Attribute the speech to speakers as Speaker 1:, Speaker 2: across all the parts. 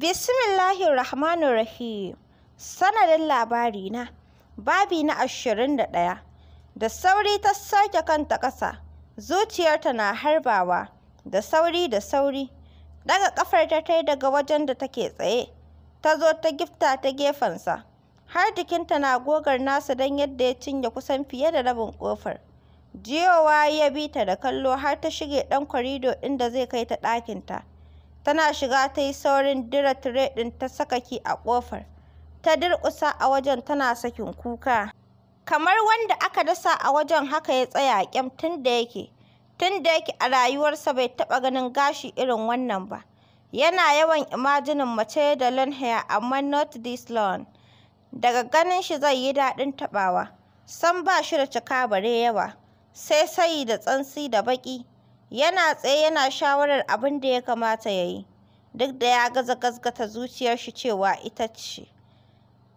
Speaker 1: Bismillahirrahmanirrahim. Sanadin labari na babi na ashirin da ɗaya. Da sauri ta sake kanta ƙasa, zuciyarta na harbawa, da sauri da sauri. Daga ƙafar ta tai daga wajen da take tsaye, ta zo ta gifta ta gefensa, har jikinta na gogar nasa don yadda ya cinye kusan fiye da rabin ƙofar. Jiyowa ya bi ta da kallo har ta shige ɗan kwarido ɗin da zai kai ta ɗakinta. Tana shiga ta yi saurin dire tire ɗin ta saka ki a ƙofar. Ta durƙusa a wajen tana sakin kuka. Kamar wanda aka dasa a wajen haka ya tsaya ƙyam tun da yake. Tun da yake a rayuwarsa bai taɓa ganin gashi irin wannan ba. Yana yawan imajinin mace da long hair amma not this long. Daga ganin shi zai yi daɗin taɓawa. san ba shi da cika bare yawa. Sai sayi da tsantsi da baƙi. yana tsaye yana shawarar abin da ya kamata ya yi duk da ya gaza gazgata zuciyar shi cewa ita ce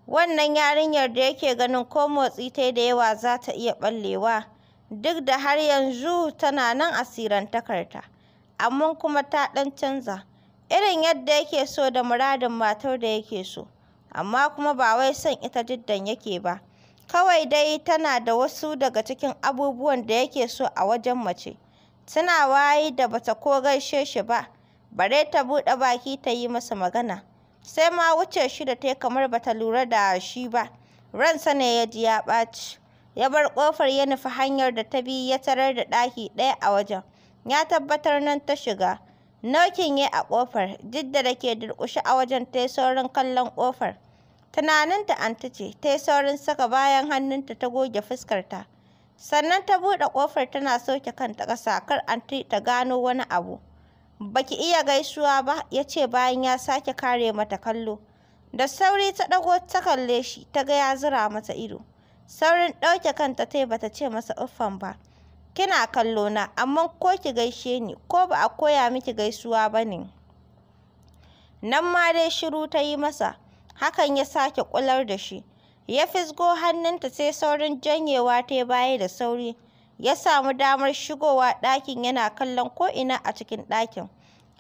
Speaker 1: wannan yarinyar da yake ganin ko motsi ta da yawa za ta iya ɓallewa duk da har yanzu tana nan asirantakarta amma kuma ta ɗan canza irin yadda yake so da muradin matar da yake so amma kuma ba wai son ita jiddan yake ba kawai dai tana da wasu daga cikin abubuwan da yake so a wajen mace Tana wayi da bata ko gaishe shi ba, bare ta buɗe baki ta yi masa magana. Sai ma wuce shi da ta yi kamar bata lura da shi ba. Ransa ne ya ji ya ɓaci. Ya bar ƙofar ya nufi hanyar da ta bi ya tarar da ɗaki ɗaya a wajen. Ya tabbatar nan ta shiga. Nokin ya a ƙofar, Jidda da ke durƙushe a wajen ta yi saurin kallon ƙofar. Tunaninta ta ce, ta yi saurin saka bayan hannunta ta goge fuskarta. sannan ta buɗe ƙofar tana soke kanta ƙasa kar anti ta gano wani abu baki iya gaisuwa ba ya ce bayan ya sake kare mata kallo da sauri ta ɗago ta kalle shi ta ga ya zura mata ido saurin ɗauke kanta tai bata ce masa uffan ba kina kallo na amma ko ki gaishe ni ko ba a koya miki gaisuwa ba ne nan ma dai shiru ta yi masa hakan ya sake kular da shi ya fisgo hannunta sai saurin janyewa ta baya da sauri ya samu damar shigowa ɗakin yana kallon ko'ina a cikin ɗakin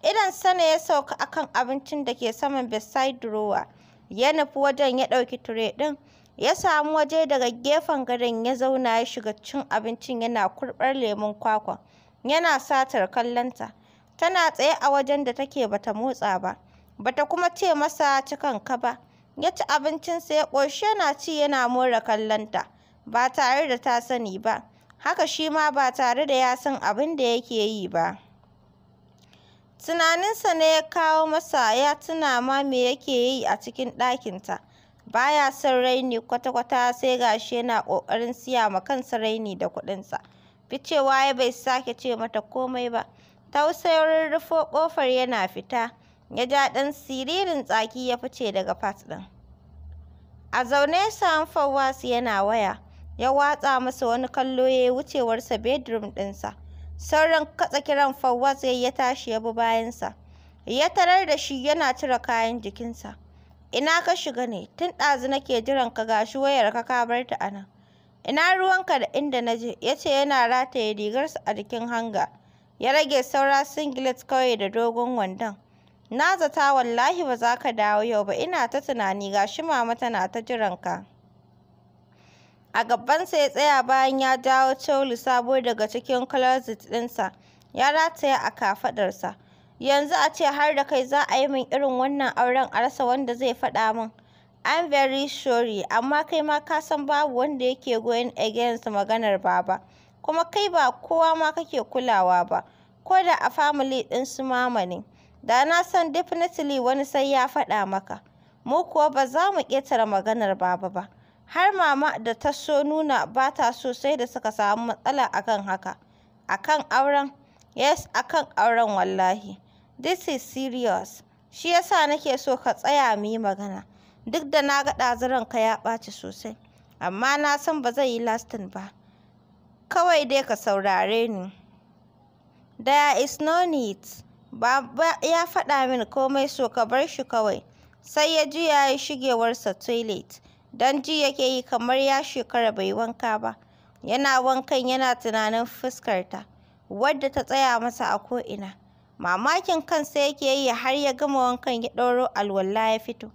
Speaker 1: idan sana ya sauka akan abincin da ke saman bedside drawer ya nufi wajen ya ɗauki tire ɗin ya samu waje daga gefen gadon ya zauna ya shiga cin abincin yana kurɓar lemun kwakwa yana satar kallonta tana tsaye a wajen da take bata motsa ba bata kuma ce masa cikan ka ba ya ci abincinsa ya ƙoshi yana ci yana more kallonta ba tare da ta sani ba haka shi ma ba tare da ya san abin da yake yi ba tunaninsa ne ya kawo masa ya tuna ma me yake yi a cikin ɗakinta baya son raini kwata-kwata sai gashi yana ƙoƙarin siya ma kansa raini da kuɗinsa ficewa ya bai sake ce mata komai ba tausayin rufo ƙofar yana fita ya ja ɗan siririn tsaki ya fice daga fat ɗin a zaune sa'an fawwas yana waya ya watsa masa wani kallo ya yi wucewarsa bedroom ɗinsa sauran katsa kiran fawwas ya tashi ya bi bayansa ya tarar da shi yana cire kayan jikinsa ina ka shiga ne tun ɗazu nake jiran ka gashi wayar ka ka bar ta a nan ina ruwanka da inda na je ya ce yana rataye rigarsa a jikin hanga ya rage saura singlet kawai da dogon wandon Na zata wallahi ba za ka dawo yau ba, ina ta tunani ga shi mama tana ta jiran ka. A gabansa ya tsaya bayan ya dawo Tolu sabo daga cikin closet ɗinsa, ya rataya a kafaɗarsa. Yanzu a ce har da kai za a yi min irin wannan auren a rasa wanda zai faɗa min. I'm very sorry, amma kai ma ka san babu wanda yake going against maganar baba. Kuma kai ba kowa ma kake kulawa ba, ko da a family ɗin su mama ne. da na san definitely wani sai ya faɗa maka mu kuwa ba za mu ƙetare maganar baba ba har mama da ta so nuna ba ta so sai da suka samu matsala akan haka akan auren yes akan auren wallahi this is serious shi yasa nake so ka tsaya mu yi magana duk da na ga ka ya ɓaci sosai amma na san ba zai yi lastin ba kawai dai ka saurare ni there is no need Baba ya faɗa min komai so ka bar shi kawai. Sai ya ji ya yi shigewarsa toilet. Don ji yake yi kamar ya shekara bai wanka ba. Yana wankan yana tunanin fuskarta, wadda ta tsaya masa a ko'ina. Mamakin kansa yake yi har ya gama wankan ya ɗauro alwala ya fito.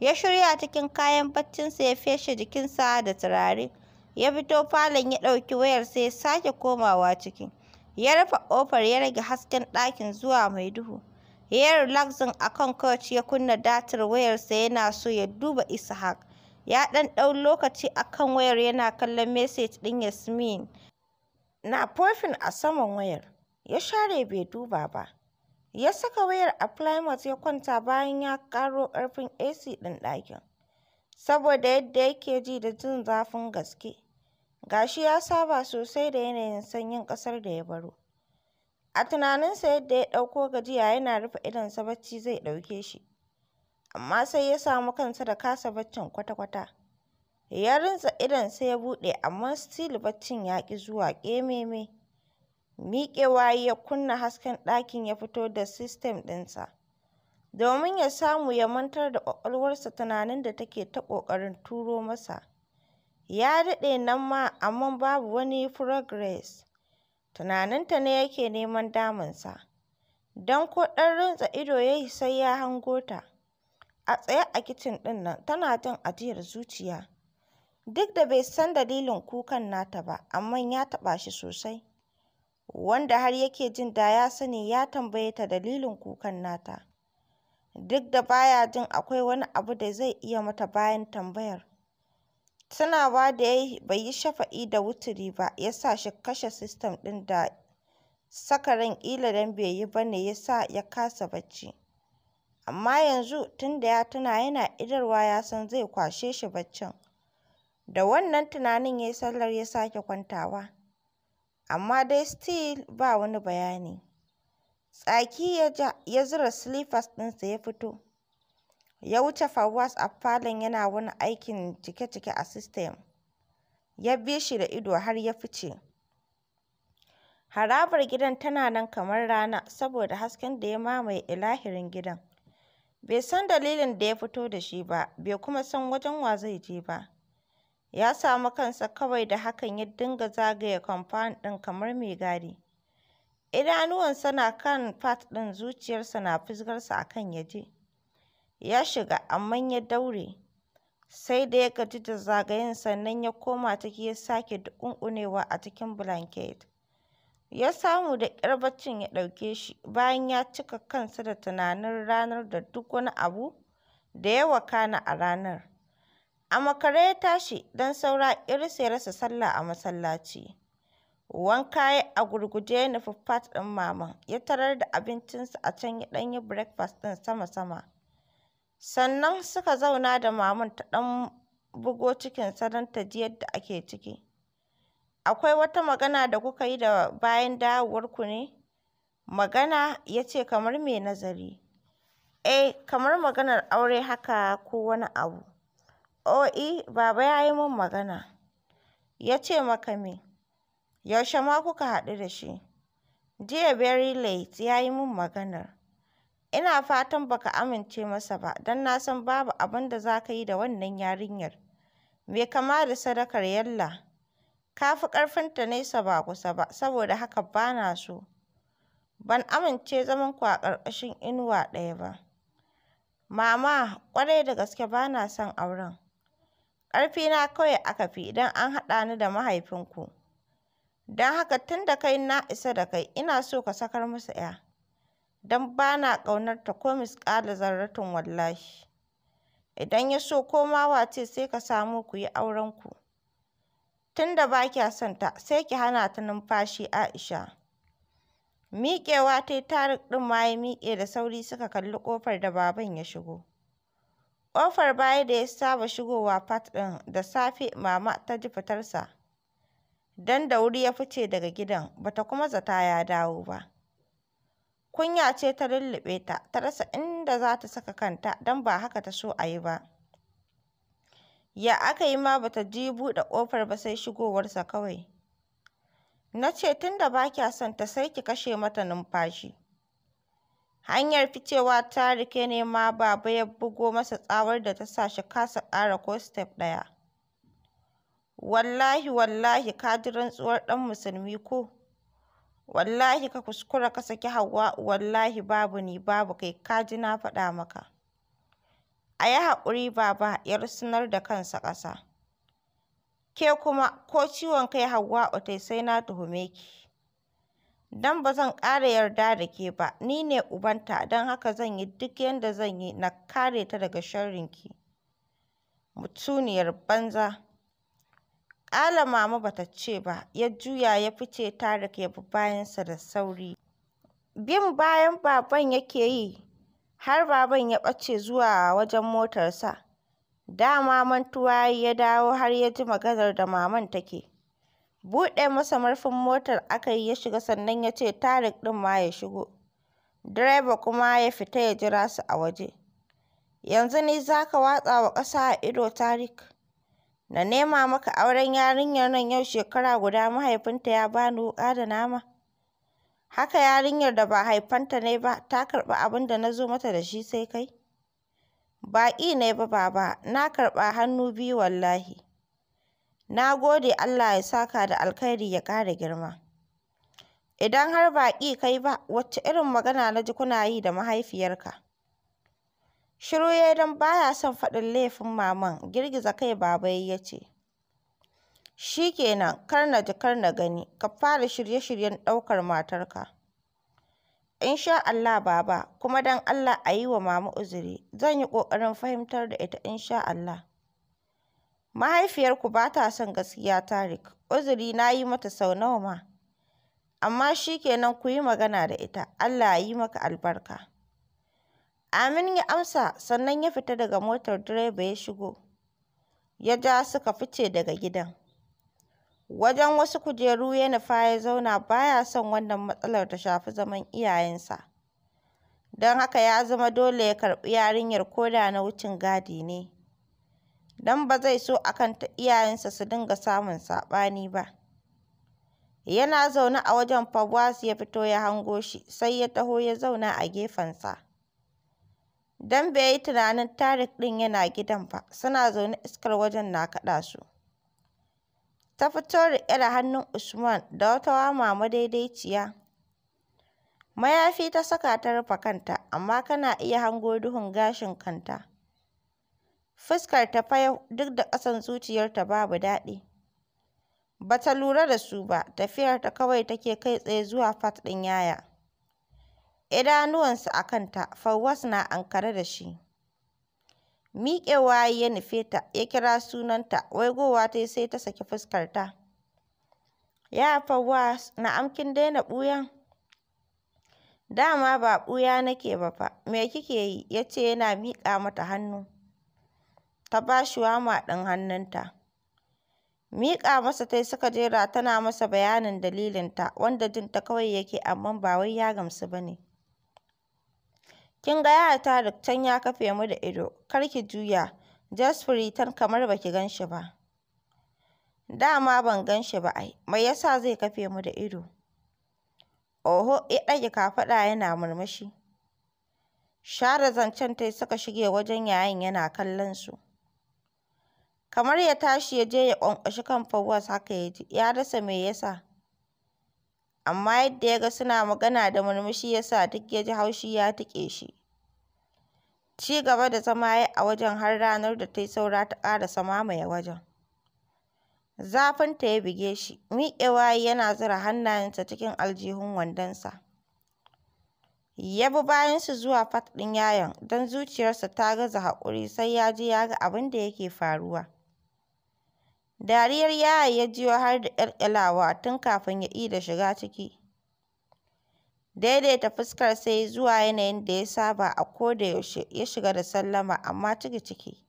Speaker 1: Ya shirya cikin kayan baccinsa ya feshe jikinsa da turare. Ya fito falon ya ɗauki wayarsa ya sake komawa cikin. ya rufe ƙofar ya rage hasken ɗakin zuwa mai duhu ya relaxin a kan couch ya kunna datar wayarsa yana so ya duba Ishaq ya ɗan ɗau lokaci a kan wayar yana kallon message ɗin Yasmin na profin a saman wayar ya share bai duba ba ya saka wayar a plymouth ya kwanta bayan ya ƙaro ƙarfin AC ɗin ɗakin saboda yadda yake ji da jin zafin gaske Gashi ya saba sosai da yanayin sanyin ƙasar da ya baro. A tunaninsa yadda ya ɗauko gajiya yana rufe idonsa bacci zai ɗauke shi. Amma sai ya samu kansa da kasa baccin kwata-kwata. Ya idon idonsa ya buɗe amma stil baccin ya ƙi zuwa ƙememe. Miƙewa ya kunna hasken ɗakin ya fito da sistem ɗinsa. Domin ya samu ya mantar da ƙwaƙwalwarsa tunanin da take ta ƙoƙarin turo masa. Ya daɗe nan ma amma babu wani progress. Tunaninta ne yake neman damunsa, don ko ɗan rintsa ido ya yi sai ya hango ta, a tsaye a kicin ɗin nan tana jin ajiyar zuciya, duk da bai san dalilin kukan nata ba amma ya taɓa shi sosai, wanda har yake jin da ya sani ya tambaye ta dalilin kukan nata, duk da baya jin akwai wani abu da zai iya mata bayan tambayar. Tunawa da bai yi shafa'i da wuturi ba ya sa shi kashe sistem ɗin da saka ran ƙila don bai yi ba ne ya sa ya kasa bacci Amma yanzu tun da ya tuna yana idarwa ya san zai kwashe shi baccin Da wannan tunanin ya yi sallar ya sake kwantawa. Amma dai still ba wani bayani. Tsaki ya ja ya zura silifas ɗinsa ya fito. Ya wuce Fawaz a falon yana wani aikin cike-cike a sistem. Ya bi shi da ido har ya fice. Harabar gidan tana nan kamar rana saboda hasken da ya mamaye ilahirin gidan. Bai san dalilin da ya fito da shi ba, bai kuma san wajen wa zai je ba. Ya samu kansa kawai da hakan ya dinga zagaye kwamfan ɗin kamar mai gadi. Idanuwansa na kan fat ɗin zuciyarsa na fusgarsa akan kan ya je. Ya shiga, amma ya daure, sai da ya gaji da zagayen sannan ya koma ciki ya sake dunƙulewa a cikin bulanket. Ya samu da ƙyar baccin ya ɗauke shi, bayan ya cika kansa da tunanin ranar da duk wani abu da ya wakana a ranar. A makare ya tashi, don saura ƙiris ya rasa sallah a masallaci. Wanka ya a gurguje ya nufi fat ɗin Maman, ya tarar da abincinsa a can ya ɗan yi breakfast ɗin sama-sama. Sannan suka zauna da maman ta ɗan bugo cikinsa don ta ji yadda ake ciki. Akwai wata magana da kuka yi da bayan dawowarku ne? Magana ya ce kamar mai nazari. Eh, kamar maganar aure haka ko wani abu. Oh i, e, Baba ya yi min magana. Ya ce maka me? Yaushe ma kuka haɗu da shi? Jiya very late ya yi min maganar. Ina fatan baka amince masa ba, don na san babu abin da za ka yi da wannan yarinyar mai kama da sadakar yalla. Ka fi ƙarfinta nesa ba kusa ba, saboda haka ba na so. Ban amince zamanku a ƙarƙashin inuwa ɗaya ba. Mama, ƙwarai da gaske ba na son auren. na kawai aka fi idan an haɗa ni da mahaifinku. Don haka tun da kai na isa da kai, ina so ka sakar musu 'ya. don ba na ƙaunarta ko misƙala zarratun wallahi. Idan ya so ko ma wace sai ka samu ku yi aurenku. Tun da ba kya son ta sai ki hana ta numfashi Aisha. Miƙewa ta yi Tarik ɗin ma ya miƙe da sauri suka kalli ƙofar da baban ya shigo. Ƙofar baya da ya saba shigowa fat ɗin da safe mama ta ji fitarsa. Don da wuri ya fice daga gidan bata kuma zata ya dawo ba. Kunya ce ta lulluɓe ta, ta rasa inda za ta saka kanta don ba haka ta so a yi ba. Ya aka yi ma ba ta ji buɗe ƙofar ba sai shigowarsa kawai? Na ce tun da ba kya son ta sai ki kashe mata numfashi. Hanyar ficewa ta rike ne ma Baba ya bugo masa tsawar da ta sa shi kasa ƙara ko step ɗaya. Wallahi wallahi ka ji rantsuwar ɗan musulmi ko? wallahi ka kuskura ka saki Hauwa wallahi babu ni babu kai ka ji na faɗa maka a yi haƙuri baba ya rusunar da kansa ƙasa ke kuma ko ciwon kai hauwa otai sai na tuhume ki don ba zan ƙara yarda da ke ba ni ne ubanta don haka zan yi duk yadda zan yi na kare ta daga sharrinki mutuniyar banza ala Mama ba ta ce ba, ya juya ya fice Tarik ya bi bayansa da sauri. Bin bayan baban yake yi, har baban ya ɓace zuwa wajen motarsa. Dama mantuwa ya dawo har ya ji maganar da maman take. Buɗe masa murfin motar aka yi ya shiga sannan ya ce Tarik ɗin ma ya shigo. Direba kuma ya fita ya jira su a waje. Yanzu ni za ka watsa wa ƙasa a ido Tarik. na nema maka auren yarinyar nan yau shekara guda mahaifinta ya bani wuƙa da nama. Haka yarinyar da ba haifanta ne ba ta karɓi abin da na zo mata da shi sai kai. Baƙi ne ba baba, na karɓa hannu biyu wallahi. Na gode Allah ya saka da alkhairi ya ƙara girma. Idan har baƙi kai ba, wacce irin magana na ji kuna yi da mahaifiyarka? Shiru ya yi don ba ya son faɗin laifin maman, girgiza kai Baba ya ce, shi kenan kar na ji kar na gani, ka fara shirye-shiryen ɗaukar matarka. In sha Allah Baba, kuma don Allah a yi wa Mama uzuri, zan yi ƙoƙarin fahimtar da ita in sha Allah. Mahaifiyarku ba ta son gaskiya Tarik, uzuri na yi mata sau nawa ma, amma shi kenan ku yi magana da ita, Allah ya yi maka albarka. Amin ya amsa sannan ya fita daga motar direba ya shigo. Ya ja suka fice daga gidan. Wajen wasu kujeru ya nufa ya zauna baya son wannan matsalar ta shafi zaman iyayensa. Don haka ya zama dole ya karɓi yarinyar koda na wucin gadi ne. Don ba zai so a ta iyayensa su dinga samun saɓani ba. Yana zaune a wajen Fawaz ya fito ya hango shi sai ya taho ya zauna a gefensa. don bai yi tunanin Tarik din yana gidan ba, suna zaune iskar wajen na kaɗa su. Ta fito riƙe da hannun Usman da wata wama madaidaiciya. Mayafi ta saka ta rufe kanta, amma kana iya hango duhun gashin kanta. Fuskar ta fayau duk da ƙasan zuciyarta babu daɗi. Ba ta lura da su ba, tafiyarta kawai take kai tsaye zuwa fat ɗin Yaya. idanuwansa a kanta, Fawwas na ankare da shi. Miƙewa ya nufe ta, ya kira sunanta, waigowa ta sai ta saki fuskarta. Ya Fawwaz, na amkin daina ɓuyan? Dama ba ɓuya nake ba fa, me kike yi? ya ce yana miƙa mata hannu. Ta ba shi wama ɗin hannunta. Miƙa masa ta yi suka jera tana masa bayanin dalilinta, wanda jin ta kawai yake amma ba wai ya gamsu ba ne. Kin ga yaya Tariq can ya kafe mu da ido, kar ki juya, just tan kamar baki ki gan shi ba. Dama ban gan shi ba ai, mai ya sa zai kafe mu da ido? Oho, ya ɗage kafaɗa yana murmushi. Share zancen tai suka shige wajen yayan yana kallon su. Kamar ya tashi ya je ya ƙwanƙwashi kan Fawwas haka ya ji, ya rasa me ya sa. amma yadda ya ga suna magana da murmushi ya sa duk ya ji haushi ya tiƙe shi. Ci gaba da zama ya a wajen har ranar da ta yi saura ta ƙara ƙarasa mamaye wajen. Zafinta ya buge shi, miƙewa yana zura hannayensa cikin aljihun wandonsa. Ya bi su zuwa fat ɗin yayon don zuciyarsa ta gaza haƙuri sai ya ji ya ga abin da yake faruwa. Dariyar Yaya ya jiyo har da ƙyalƙyalawa tun kafin ya ida shiga ciki, daidaita fuskar sai zuwa yanayin da ya saba a koda yaushe ya shiga da sallama amma ciki-ciki.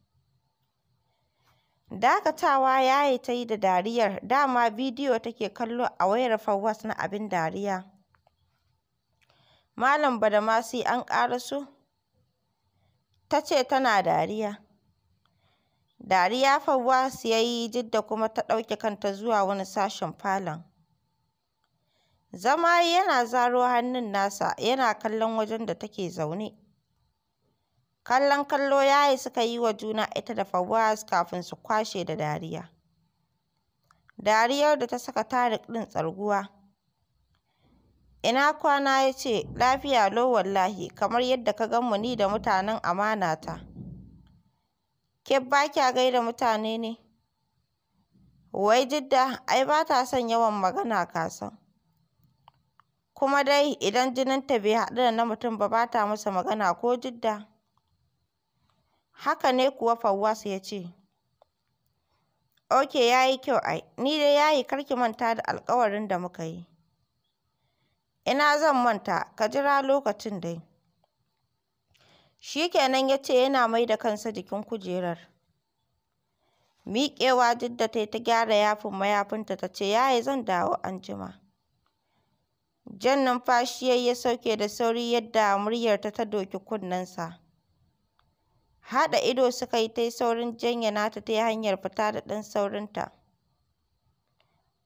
Speaker 1: Dakatawa yi ta yi da dariyar, dama bidiyo take kallo a wayar Fawwas na abin dariya. Malam Badamasi an ƙaraso? ta ce tana dariya. Dariya Fawwasu ya yi duk da kuma ta ɗauke kanta zuwa wani sashen falon. Zama yana zaro hannun nasa yana kallon wajen da take zaune. Kallon kallo ya yi suka yi wa juna ita da Fawwasu kafin su kwashe da dariya. Dariyar da ta saka Tarik ɗin tsarguwa. Ina kwana ya ce, lafiya lau wallahi, kamar yadda ka gan mu ni da mutanen amana ta. Ke ba kya gaida mutane ne? Wai Jidda ai ba ta son yawan magana ka san. Kuma dai idan jininta bai haɗu da na mutum ba, ba ta masa magana ko Jidda? Haka ne kuwa Fawwas ya ce. Ok ya yi kyau ai, ni dai yayi kar ki manta da alkawarin da muka yi. Ina zan manta, ka jira lokacin dai. Shi kenan ya ce yana mai da kansa jikin kujerar. Miƙewa da ta yi ta gyara yafin mayafinta ta ce, Yaya zan dawo an jima. Jan numfashi ya sauke da sauri yadda muryarta ta doki kunnensa. Haɗa ido suka yi ta yi saurin janya nata ta yi hanyar fita da ɗan saurinta.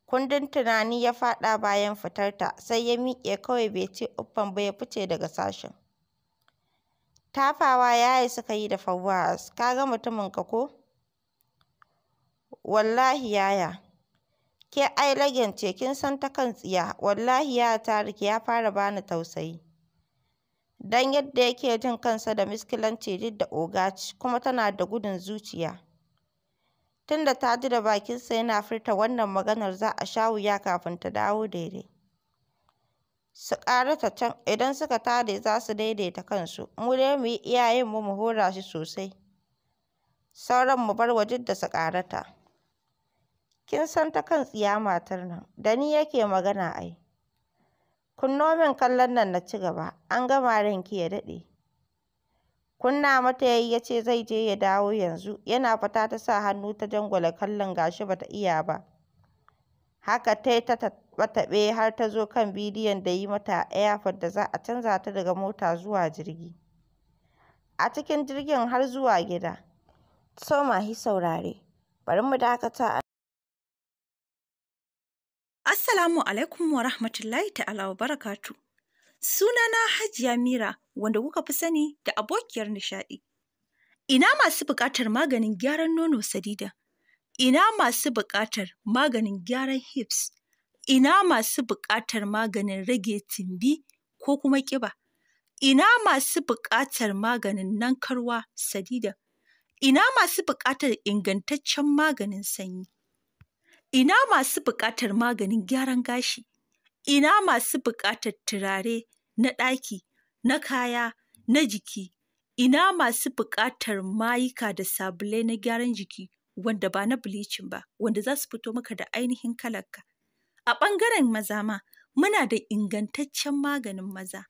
Speaker 1: Kundin tunani ya faɗa bayan fitarta, sai ya miƙe kawai bai ce uffam ba ya fice daga sashen. Tafawa ya yi suka yi da Fawwaz, ka ga mutuminka ko? Wallahi Yaya, ke ai lagin ce, kin san ta kan tsiya. Wallahi Yaya Tarik ya fara bani tausayi. dan yadda yake jin kansa da miskilanci duk da oga kuma tana da gudun zuciya. Tunda ta ji da bakinsa yana furta wannan maganar za a sha wuya kafin ta dawo daidai. su ƙarata can, idan suka tare za su daidaita kansu, mu dai mu yi iya mu hura shi sosai, sauran mu bar waje da su ƙarata. Kin san ta kan tsiya matar nan, da ni yake magana ai. Kunno min kallon nan na ci gaba, an gama ranki ya daɗe. Kunna mata yayi ce zai je ya dawo yanzu, yana fata ta sa hannu ta jangwale kallon gashi ba ta iya ba. Haka ta yi ta taɓe har ta zo kan bidiyon da yi mata a airport da za a canza ta daga mota zuwa jirgi. A cikin jirgin har zuwa gida. To masu saurare, bari mu dakata a
Speaker 2: Assalamu alaikum wa rahmatullahi ta'ala wa barakatu. Sunana Hajiya Mira wanda kuka fi sani da abokiyar nishaɗi. Ina masu buƙatar maganin gyaran nono sadida. ina masu buƙatar maganin gyaran hips, ina masu buƙatar maganin rage tumbi ko kuma ƙiba, ina masu buƙatar maganin nankarwa sadida ina masu buƙatar ingantaccen maganin sanyi, ina masu buƙatar maganin gyaran gashi, ina masu buƙatar turare na ɗaki, na kaya, na jiki, ina masu buƙatar mayuka da sabulai na gyaran jiki wanda ba na bleaching ba wanda za su fito maka da ainihin kalarka a ɓangaren maza ma muna da ingantaccen maganin maza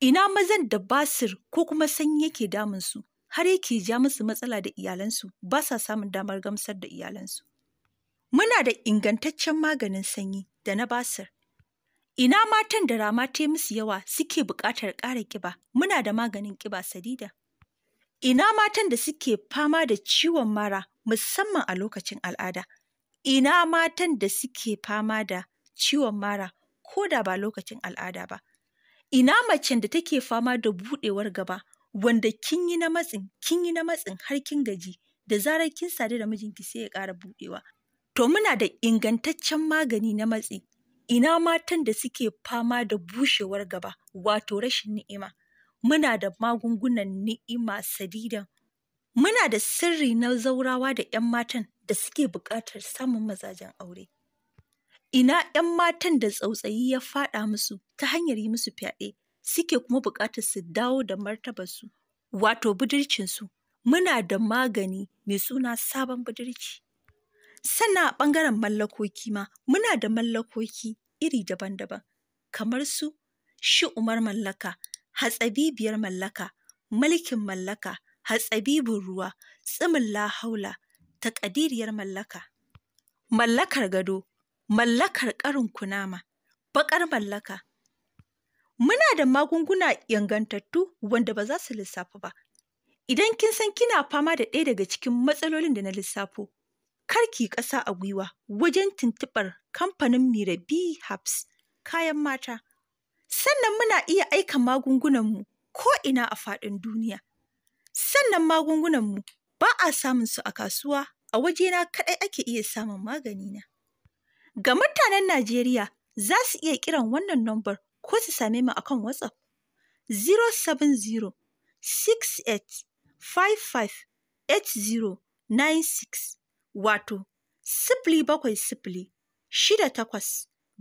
Speaker 2: ina mazan da basir ko kuma sanyi yake damunsu har yake ja musu matsala da iyalansu ba sa samun damar gamsar da iyalansu muna da ingantaccen maganin sanyi da na basir Ina matan da rama ta musu yawa suke buƙatar ƙara ƙiba, muna da maganin ƙiba sadida. Ina matan da suke fama da ciwon mara, musamman a lokacin al'ada. Ina matan da suke fama da ciwon mara ko da ba lokacin al'ada ba. Ina macen da take fama da buɗewar gaba wanda kin yi na matsin, kin yi na matsin har kin gaji da zarar kin sadu da mijinki sai ya ƙara buɗewa. To muna da ingantaccen magani na matsi. Ina matan da suke fama da bushewar gaba wato rashin ni'ima. Muna da magungunan ni'ima sadidan Muna da sirri na zaurawa da 'yan matan da suke buƙatar samun mazajen aure. Ina 'yan matan da tsautsayi ya faɗa musu ta hanyar yi musu fyaɗe suke kuma buƙatar su dawo da martabarsu, wato budurcinsu. Muna da magani mai suna sabon budurci. Sannan a ɓangaren mallakoki ma, muna da mallakoki iri daban-daban, kamar su shi umar mallaka, hatsabibiyar mallaka, mulkin mallaka, hatsabibin ruwa, tsimin lahaula, ƙadiriyar mallaka. Mallakar gado, mallakar ƙarin kunama, baƙar mallaka. Muna da magunguna yangantattu wanda ba za su lissafu ba. Idan kin san kina fama da ɗaya daga cikin matsalolin da na lissafo, karki ƙasa a gwiwa wajen tuntuɓar kamfanin Mirabi Habs kayan mata. Sannan muna iya aika magungunanmu ko ina a faɗin duniya. Sannan magungunanmu ba a samun su a kasuwa, a wajena kaɗai ake iya samun maganina. Ga mutanen Najeriya za su iya kiran wannan nombar ko su same mu akan WhatsApp 070 68 55 8096 wato sifili bakwai sifili shida takwas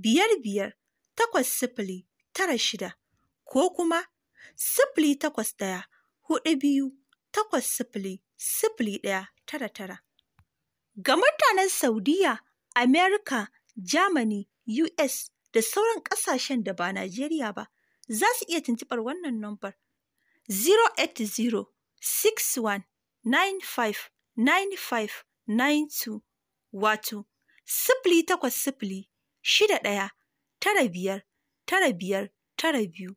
Speaker 2: biyar biyar takwas sifili tara shida ko kuma sifili takwas daya hudu biyu takwas sifili sifili ɗaya tara tara. Ga mutanen Saudiya, Amerika, Germany, US da sauran ƙasashen da ba Najeriya ba, za su iya tuntuɓar wannan nombar 08061959592 wato sifili takwas sifili shida ɗaya tara biyar tara biyar tara biyu.